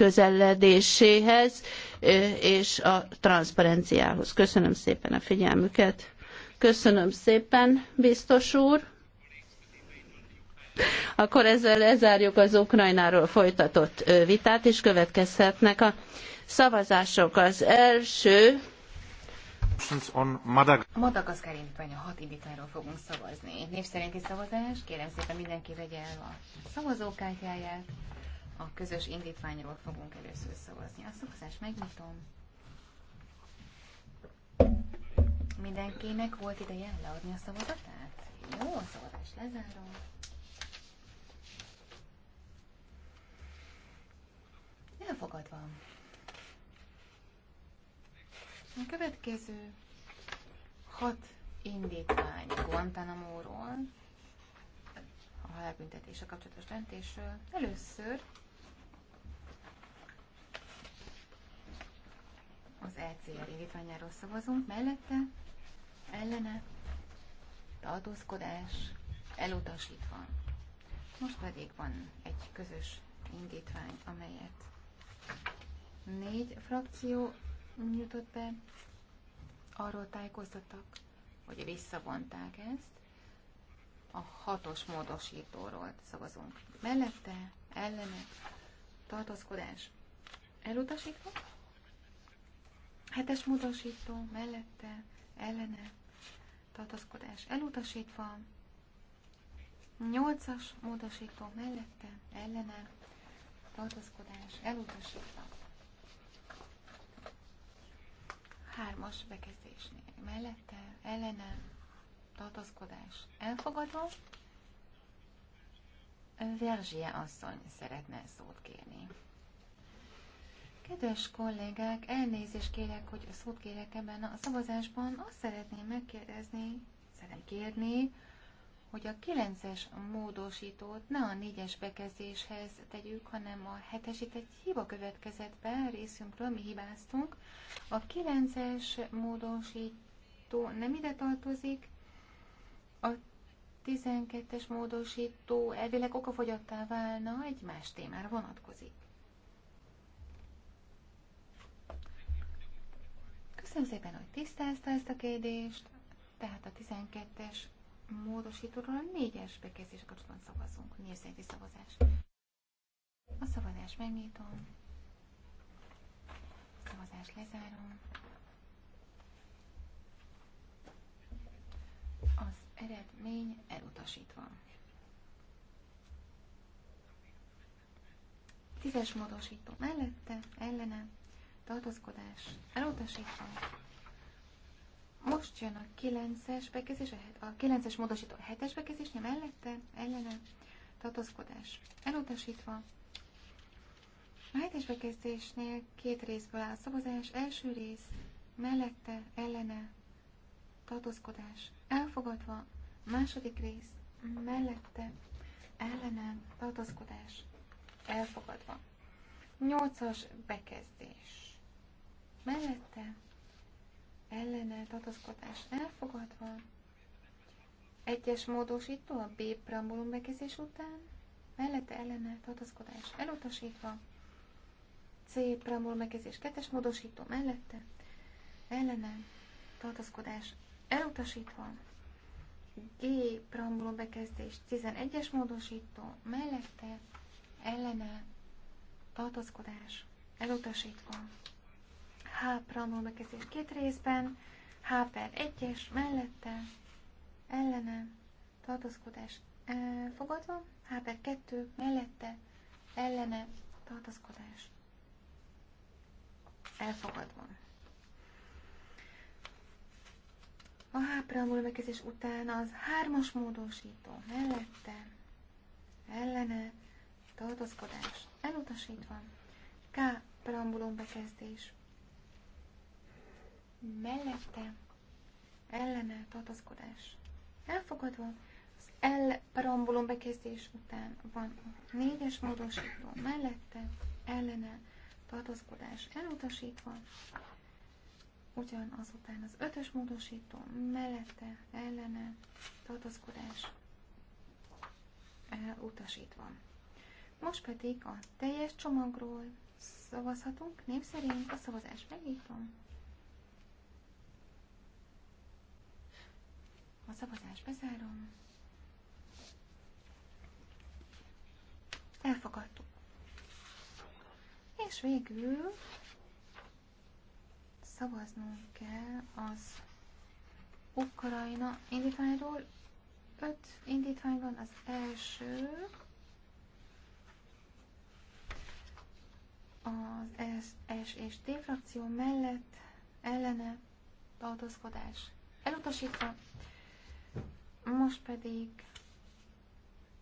közeledéséhez és a transzparenciához. Köszönöm szépen a figyelmüket. Köszönöm szépen, biztos úr. Akkor ezzel lezárjuk az Ukrajnáról folytatott vitát, és következhetnek a szavazások. Az első... Madagaszkár indítványa hat indítványról fogunk szavazni. Név szerinti szavazás, kérem szépen mindenki vegye el a szavazókártyáját a közös indítványról fogunk először szavazni. A szokás megnyitom. Mindenkinek volt ideje leadni a szavazatát? Jó, a szavazást lezárom. Elfogadva. A következő hat indítvány Guantanamo-ról, a halálbüntetése kapcsolatos döntésről. Először ECR indítványáról szavazunk, mellette ellene tartózkodás elutasítva. Most pedig van egy közös indítvány, amelyet négy frakció nyújtott be, arról tájékoztattak, hogy visszavonták ezt. A hatos módosítóról szavazunk. Mellette, ellene, tartózkodás elutasítva. Hetes módosító mellette ellene tartaszkodás elutasítva. Nyolcas módosító mellette ellene tartaszkodás elutasítva. Hármas bekezdésnél mellette ellene tartaszkodás elfogadva. Verzsie asszony szeretne szót kérni. Kedves kollégák, elnézést kérek, hogy a szót kérek ebben a szavazásban. Azt szeretném megkérdezni, szeretném kérni, hogy a 9-es módosítót ne a 4-es bekezdéshez tegyük, hanem a 7-es, itt egy hiba következett be részünkről, mi hibáztunk. A 9-es módosító nem ide tartozik, a 12-es módosító elvileg okafogyattá válna, egy más témára vonatkozik. Köszönöm szépen, hogy tisztázta ezt a kérdést. Tehát a 12-es módosítóról a 4-es bekezdés kapcsolatban szavazunk. Név szerinti szavazás. A szavazás megnyitom. A szavazás lezárom. Az eredmény elutasítva. 10-es módosító mellette, ellenem tartózkodás elutasítva. Most jön a 9-es bekezdés, a 9-es módosító 7-es bekezdésnél mellette, ellene, tartózkodás elutasítva. A 7-es bekezdésnél két részből áll a szavazás, első rész mellette, ellene, tartózkodás elfogadva, második rész mellette, ellene, tartózkodás elfogadva. 8-as bekezdés mellette ellene tartozkodás elfogadva, egyes módosító a B preambulum bekezdés után, mellette ellene tartozkodás elutasítva, C preambulum bekezdés kettes módosító mellette, ellene tartozkodás elutasítva, G preambulum bekezdés 11-es módosító mellette, ellene tartozkodás elutasítva. A preambul bekezdés két részben, H per 1-es mellette, ellene, tartózkodás elfogadva, H per 2 mellette, ellene, tartozkodás elfogadva. A H preambul bekezdés után az hármas módosító mellette, ellene, tartozkodás elutasítva, K preambulum bekezdés mellette ellene tartaszkodás. elfogadva, az L parambulum bekezdés után van a négyes módosító mellette ellene tartaszkodás. elutasítva, ugyanazután az ötös módosító mellette ellene tartaszkodás. elutasítva. Most pedig a teljes csomagról szavazhatunk, név szerint a szavazás megnyitom. A szavazást bezárom. Elfogadtuk. És végül szavaznunk kell az Ukrajna indítványról. Öt indítvány van, az első az S, S és T frakció mellett ellene tartózkodás elutasítva, most pedig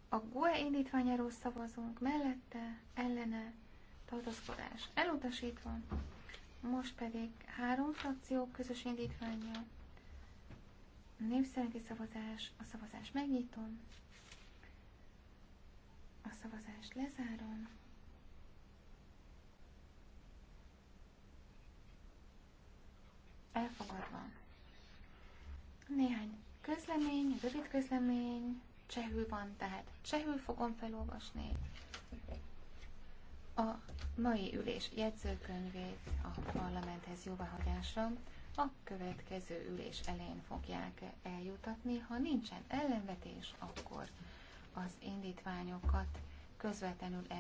a GUE indítványáról szavazunk, mellette, ellene, tartózkodás elutasítva. Most pedig három frakció közös indítványa, népszerinti szavazás, a szavazás megnyitom, a szavazást lezárom. Elfogadva. Néhány Közlemény, rövid közlemény, csehül van, tehát csehül fogom felolvasni. A mai ülés jegyzőkönyvét a parlamenthez jóváhagyásra a következő ülés elején fogják eljutatni. Ha nincsen ellenvetés, akkor az indítványokat közvetlenül el